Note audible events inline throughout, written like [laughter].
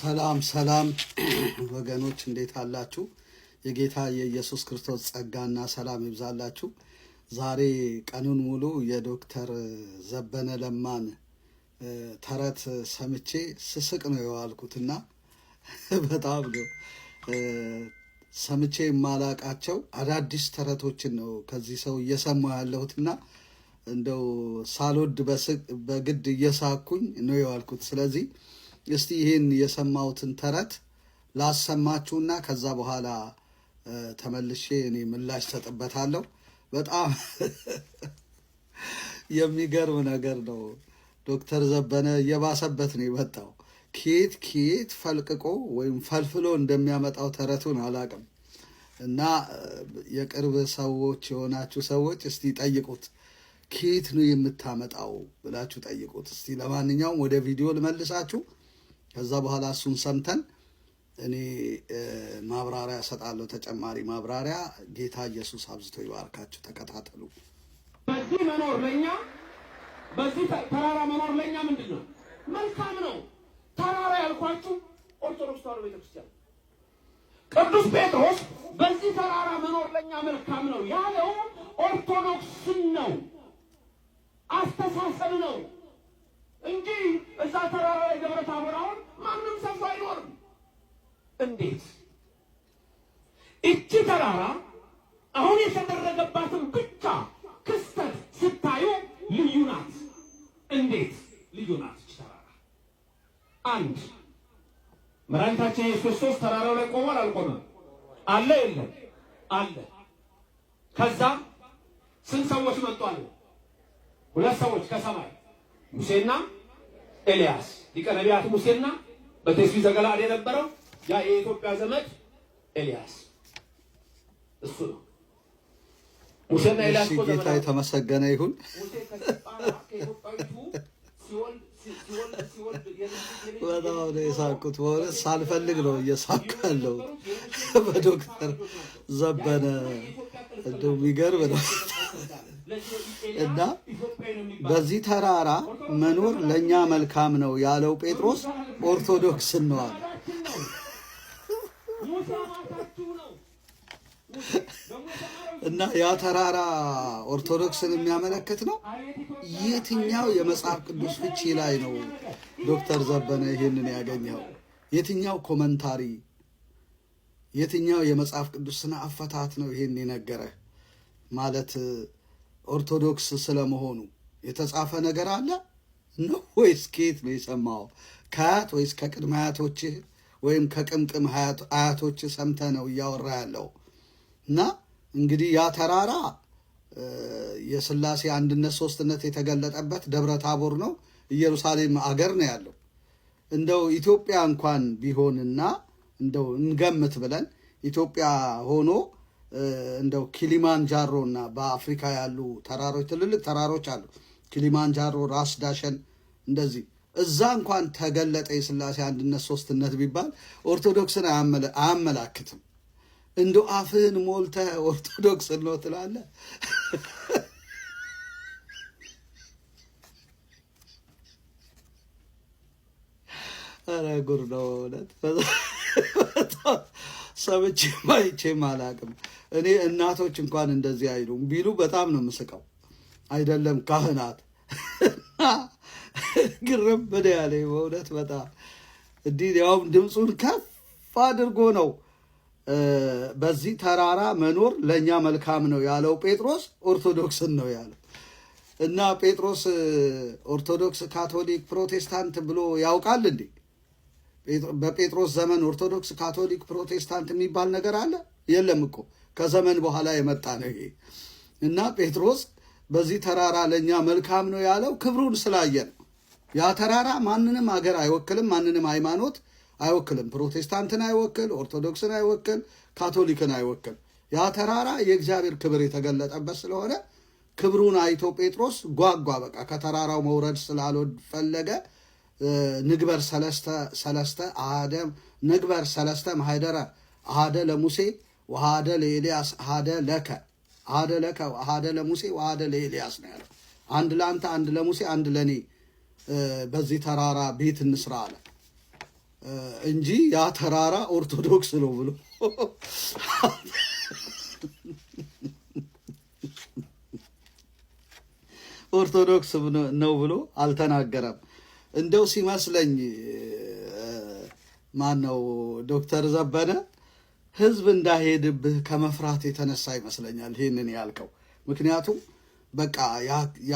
ሰላም ሰላም [clears throat] ወገኖች እንዴት አላችሁ? የጌታ የኢየሱስ ክርስቶስ ጸጋና ሰላም ይብዛላችሁ። ዛሬ ቀኑን ሙሉ የዶክተር ዘበነ ለማን ተረት ሰምቼ ስስቅ ነው የዋልኩትና [laughs] በጣም ነው ሰምቼ የማላቃቸው አዳዲስ ተረቶችን ነው ከዚህ ሰው እየሰማሁ ያለሁትና እንደው ሳልወድ በግድ እየሳኩኝ ነው የዋልኩት ስለዚህ እስቲ ይህን የሰማሁትን ተረት ላሰማችሁና ከዛ በኋላ ተመልሼ እኔ ምላሽ ሰጥበታለሁ። በጣም [laughs] የሚገርም ነገር ነው። ዶክተር ዘበነ እየባሰበት ነው የመጣው። ኬት ኬት ፈልቅቆ ወይም ፈልፍሎ እንደሚያመጣው ተረቱን አላቅም። እና የቅርብ ሰዎች የሆናችሁ ሰዎች እስቲ ጠይቁት፣ ኬት ነው የምታመጣው ብላችሁ ጠይቁት እስቲ። ለማንኛውም ወደ ቪዲዮ ልመልሳችሁ። ከዛ በኋላ እሱን ሰምተን እኔ ማብራሪያ እሰጣለሁ፣ ተጨማሪ ማብራሪያ። ጌታ ኢየሱስ አብዝቶ ይባርካቸው። ተከታተሉ። በዚህ መኖር ለእኛ በዚህ ተራራ መኖር ለእኛ ምንድን ነው? መልካም ነው። ተራራ ያልኳችሁ ኦርቶዶክስ ተዋዶ ቤተክርስቲያን ቅዱስ ጴጥሮስ በዚህ ተራራ መኖር ለእኛ መልካም ነው ያለው ኦርቶዶክስን ነው፣ አስተሳሰብ ነው እንጂ እዛ ተራራ ላይ ደብረ ታቦር አሁን ማንም ሰው አይኖርም። እንዴት እቺ ተራራ አሁን የተደረገባትን ብቻ ክስተት ስታዩ ልዩ ናት። እንዴት ልዩ ናት እቺ ተራራ? አንድ መድኃኒታችን ኢየሱስ ክርስቶስ ተራራው ላይ ቆሟል። አልቆመም? አለ የለም? አለ። ከዛ ስንት ሰዎች መጡ አለ? ሁለት ሰዎች ከሰማይ ሙሴና ኤልያስ ሊቀ ነቢያት ሙሴና በቴስቢ ዘገለዓድ የነበረው ያ የኢትዮጵያ ዘመድ ኤልያስ እሱ ነው። ሙሴና ኤልያስ ጌታ የተመሰገነ ይሁን። በጣም ነው የሳቁት። በእውነት ሳልፈልግ ነው እየሳቁ ያለው። በዶክተር ዘበነ እንደው የሚገርም ነው እና በዚህ ተራራ መኖር ለእኛ መልካም ነው ያለው ጴጥሮስ ኦርቶዶክስ ነው እና ያ ተራራ ኦርቶዶክስን የሚያመለክት ነው። የትኛው የመጽሐፍ ቅዱስ ፍቺ ላይ ነው ዶክተር ዘበነ ይህንን ያገኘው? የትኛው ኮመንታሪ፣ የትኛው የመጽሐፍ ቅዱስ ስነ አፈታት ነው ይህን የነገረ ማለት ኦርቶዶክስ ስለመሆኑ የተጻፈ ነገር አለ ነው ወይስ ከየት ነው የሰማው? ከአያት ወይስ ከቅድመ አያቶችህ ወይም ከቅምቅም አያቶች ሰምተ ነው እያወራ ያለው? እና እንግዲህ ያ ተራራ የስላሴ አንድነት ሶስትነት የተገለጠበት ደብረ ታቦር ነው። ኢየሩሳሌም አገር ነው ያለው። እንደው ኢትዮጵያ እንኳን ቢሆንና እንደው እንገምት ብለን ኢትዮጵያ ሆኖ እንደው ጃሮ እና በአፍሪካ ያሉ ተራሮች ትልልቅ ተራሮች አሉ ኪሊማንጃሮ፣ ራስ ዳሸን እንደዚህ እዛ እንኳን ተገለጠ የስላሴ አንድነት ሶስትነት ቢባል ኦርቶዶክስን አያመላክትም። እንደ አፍህን ሞልተህ ኦርቶዶክስ ነው ትላለህ። ኧረ [laughs] ነው እውነት። ሰምቼም አይቼም አላቅም። እኔ እናቶች እንኳን እንደዚህ አይሉም ቢሉ በጣም ነው የምስቀው። አይደለም ካህናት። [laughs] ግርም ምን ያለ በእውነት በጣም እንዲህ ያውም ድምፁን ከፍ አድርጎ ነው በዚህ ተራራ መኖር ለእኛ መልካም ነው ያለው ጴጥሮስ ኦርቶዶክስን ነው ያለው። እና ጴጥሮስ ኦርቶዶክስ፣ ካቶሊክ፣ ፕሮቴስታንት ብሎ ያውቃል እንዴ? በጴጥሮስ ዘመን ኦርቶዶክስ፣ ካቶሊክ፣ ፕሮቴስታንት የሚባል ነገር አለ? የለም እኮ ከዘመን በኋላ የመጣ ነው ይሄ እና ጴጥሮስ በዚህ ተራራ ለእኛ መልካም ነው ያለው ክብሩን ስላየ ነው። ያ ተራራ ማንንም አገር አይወክልም፣ ማንንም ሃይማኖት አይወክልም። ፕሮቴስታንትን አይወክል፣ ኦርቶዶክስን አይወክል፣ ካቶሊክን አይወክል። ያ ተራራ የእግዚአብሔር ክብር የተገለጠበት ስለሆነ ክብሩን አይቶ ጴጥሮስ ጓጓ። በቃ ከተራራው መውረድ ስላልፈለገ ንግበር ሰለስተ ሰለስተ አደ ንግበር ሰለስተ ማህደረ አደ ለሙሴ ወአደ ለኤልያስ አደ ለከ አደ ለከ አደ ለሙሴ ወአደ ለኤልያስ ነው ያለው። አንድ ለአንተ፣ አንድ ለሙሴ፣ አንድ ለእኔ በዚህ ተራራ ቤት እንስራ አለ እንጂ ያ ተራራ ኦርቶዶክስ ነው ብሎ ኦርቶዶክስ ነው ብሎ አልተናገረም። እንደው ሲመስለኝ ማን ነው ዶክተር ዘበነ ህዝብ እንዳይሄድብህ ከመፍራት የተነሳ ይመስለኛል ይህንን ያልከው። ምክንያቱም በቃ ያ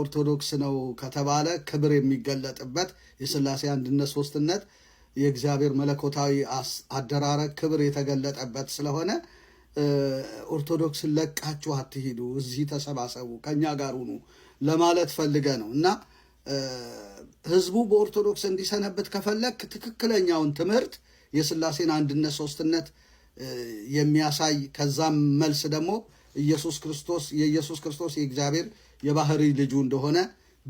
ኦርቶዶክስ ነው ከተባለ ክብር የሚገለጥበት የስላሴ አንድነት ሶስትነት፣ የእግዚአብሔር መለኮታዊ አደራረግ ክብር የተገለጠበት ስለሆነ ኦርቶዶክስን ለቃችሁ አትሂዱ፣ እዚህ ተሰባሰቡ፣ ከእኛ ጋር ሁኑ ለማለት ፈልገ ነው እና ህዝቡ በኦርቶዶክስ እንዲሰነብት ከፈለግ ትክክለኛውን ትምህርት የስላሴን አንድነት ሶስትነት የሚያሳይ ከዛም መልስ ደግሞ ኢየሱስ ክርስቶስ የኢየሱስ ክርስቶስ የእግዚአብሔር የባህሪ ልጁ እንደሆነ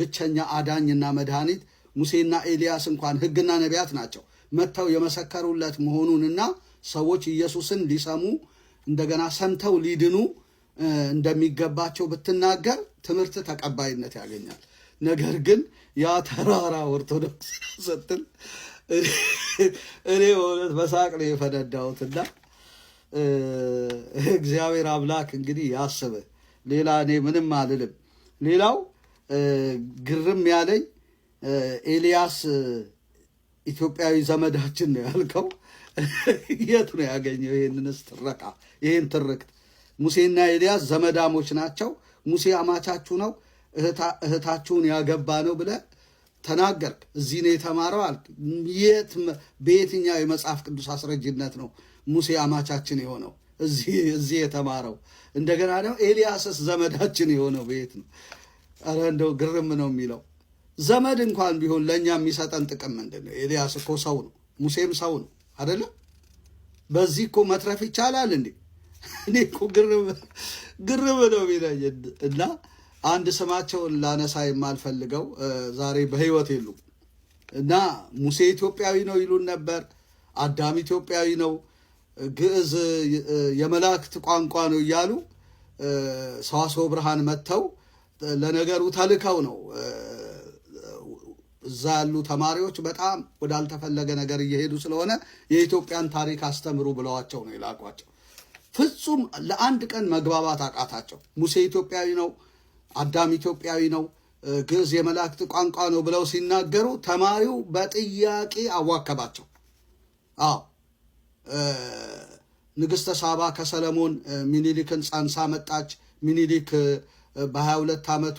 ብቸኛ አዳኝና መድኃኒት ሙሴና ኤልያስ እንኳን ሕግና ነቢያት ናቸው መጥተው የመሰከሩለት መሆኑንና ሰዎች ኢየሱስን ሊሰሙ እንደገና ሰምተው ሊድኑ እንደሚገባቸው ብትናገር ትምህርት ተቀባይነት ያገኛል። ነገር ግን ያ ተራራ ኦርቶዶክስ ስትል እኔ በእውነት በሳቅ ነው የፈነዳሁትና እግዚአብሔር አምላክ እንግዲህ ያስበ። ሌላ እኔ ምንም አልልም። ሌላው ግርም ያለኝ ኤልያስ ኢትዮጵያዊ ዘመዳችን ነው ያልከው፣ የት ነው ያገኘው ይህንንስ ትረካ? ይህን ትርክት ሙሴና ኤልያስ ዘመዳሞች ናቸው፣ ሙሴ አማቻችሁ ነው እህታችሁን ያገባ ነው ብለህ ተናገርክ። እዚህ ነው የተማረው አልክ። የት በየትኛው የመጽሐፍ ቅዱስ አስረጅነት ነው ሙሴ አማቻችን የሆነው እዚህ የተማረው እንደገና ደግሞ ኤልያስስ ዘመዳችን የሆነው ቤት ነው። ኧረ እንደው ግርም ነው የሚለው ዘመድ እንኳን ቢሆን ለእኛ የሚሰጠን ጥቅም ምንድን ነው? ኤልያስ እኮ ሰው ነው፣ ሙሴም ሰው ነው አይደለም። በዚህ እኮ መትረፍ ይቻላል እንዴ? እኔ እኮ ግርም ነው የሚለኝ እና አንድ ስማቸውን ላነሳ የማልፈልገው ዛሬ በህይወት የሉም እና ሙሴ ኢትዮጵያዊ ነው ይሉን ነበር። አዳም ኢትዮጵያዊ ነው። ግዕዝ የመላእክት ቋንቋ ነው እያሉ ሰዋስወ ብርሃን መጥተው ለነገሩ ተልከው ነው እዛ ያሉ ተማሪዎች በጣም ወዳልተፈለገ ነገር እየሄዱ ስለሆነ የኢትዮጵያን ታሪክ አስተምሩ ብለዋቸው ነው የላኳቸው። ፍጹም ለአንድ ቀን መግባባት አቃታቸው። ሙሴ ኢትዮጵያዊ ነው፣ አዳም ኢትዮጵያዊ ነው፣ ግዕዝ የመላእክት ቋንቋ ነው ብለው ሲናገሩ ተማሪው በጥያቄ አዋከባቸው። አዎ ንግሥተ ሳባ ከሰለሞን ሚኒሊክን ጸንሳ መጣች። ሚኒሊክ በሀያ ሁለት ዓመቱ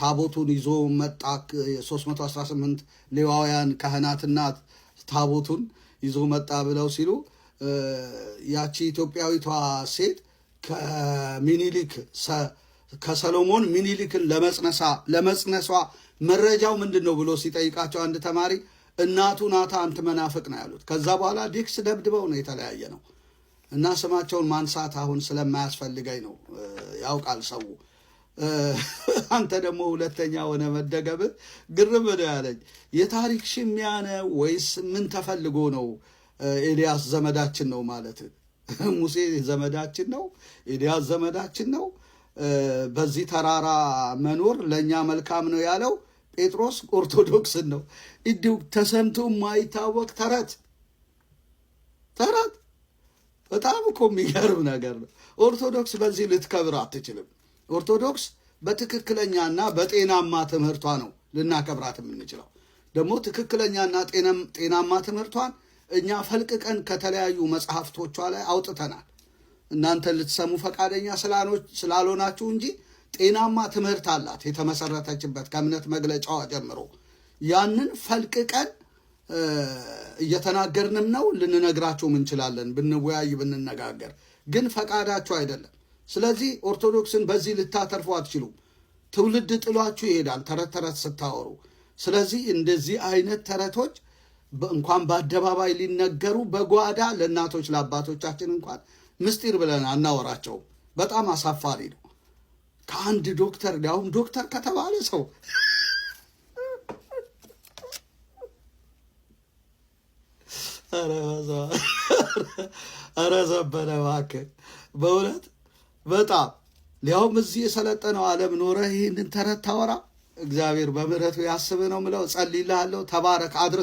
ታቦቱን ይዞ መጣ። 318 ሌዋውያን ካህናትና ታቦቱን ይዞ መጣ ብለው ሲሉ ያቺ ኢትዮጵያዊቷ ሴት ከሚኒሊክ ከሰሎሞን ሚኒሊክን ለመጽነሳ ለመጽነሷ መረጃው ምንድን ነው ብሎ ሲጠይቃቸው አንድ ተማሪ እናቱ ናታ አንት መናፍቅ ነው ያሉት። ከዛ በኋላ ዲክስ ደብድበው ነው የተለያየ ነው እና ስማቸውን ማንሳት አሁን ስለማያስፈልገኝ ነው። ያውቃል ሰው። አንተ ደግሞ ሁለተኛ ሆነ መደገብ ግርም ነው ያለኝ። የታሪክ ሽሚያ ነው ወይስ ምን ተፈልጎ ነው? ኤልያስ ዘመዳችን ነው ማለት [laughs] ሙሴ ዘመዳችን ነው፣ ኤልያስ ዘመዳችን ነው። በዚህ ተራራ መኖር ለእኛ መልካም ነው ያለው ጴጥሮስ ኦርቶዶክስን ነው። እንዲሁ ተሰምቶ የማይታወቅ ተረት ተረት በጣም እኮ የሚገርም ነገር ነው። ኦርቶዶክስ በዚህ ልትከብር አትችልም። ኦርቶዶክስ በትክክለኛና በጤናማ ትምህርቷ ነው ልናከብራት የምንችለው። ደግሞ ትክክለኛና ጤናማ ትምህርቷን እኛ ፈልቅቀን ከተለያዩ መጽሐፍቶቿ ላይ አውጥተናል። እናንተ ልትሰሙ ፈቃደኛ ስላልሆናችሁ እንጂ ጤናማ ትምህርት አላት የተመሰረተችበት ከእምነት መግለጫዋ ጀምሮ። ያንን ፈልቅቀን እየተናገርንም ነው፣ ልንነግራቸው እንችላለን ብንወያይ ብንነጋገር፣ ግን ፈቃዳችሁ አይደለም። ስለዚህ ኦርቶዶክስን በዚህ ልታተርፉ አትችሉም። ትውልድ ጥሏችሁ ይሄዳል ተረት ተረት ስታወሩ። ስለዚህ እንደዚህ አይነት ተረቶች እንኳን በአደባባይ ሊነገሩ በጓዳ ለእናቶች ለአባቶቻችን እንኳን ምስጢር ብለን አናወራቸውም። በጣም አሳፋሪ ነው። ከአንድ ዶክተር ሊያውም ዶክተር ከተባለ ሰው ኧረ ዘበነ እባክህ በእውነት በጣም ሊያውም እዚህ የሰለጠነው ዓለም ኖረህ ይህንን ተረት ታወራ። እግዚአብሔር በምሕረቱ ያስብህ ነው የምለው። ጸልይልሃለሁ። ተባረክ አድረ